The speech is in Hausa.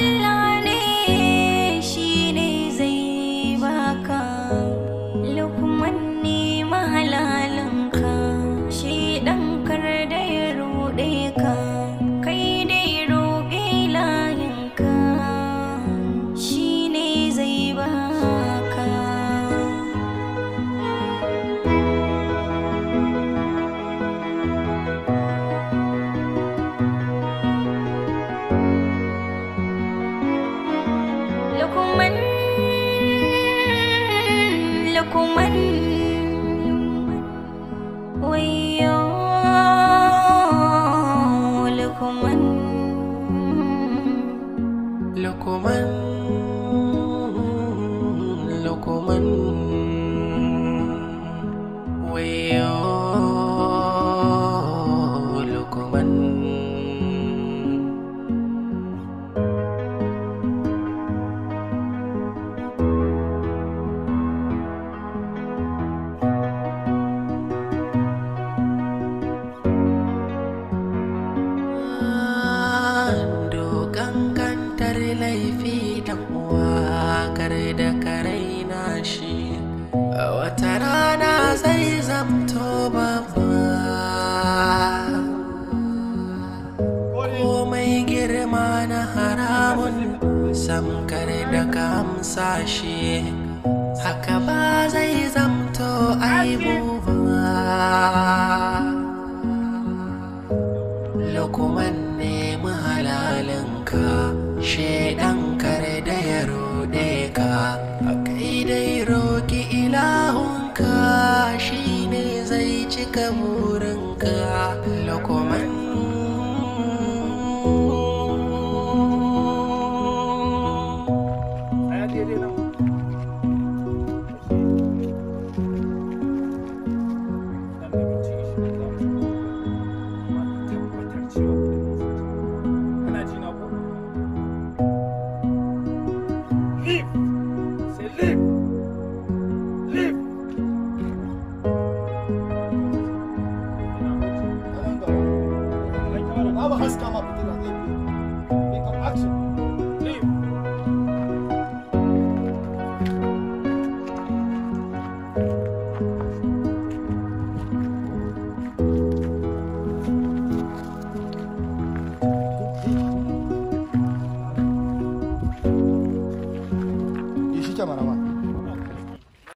la Lokoman Lokoman Lokoman Wayo Lokoman samkar da kamsa shi haka ba zai zamto aibu ba lokuman nemi halalinka shaidan kare da ya rode ka a kai dai roki ilahunka ne zai cika burinka lokuman 干嘛呢嘛？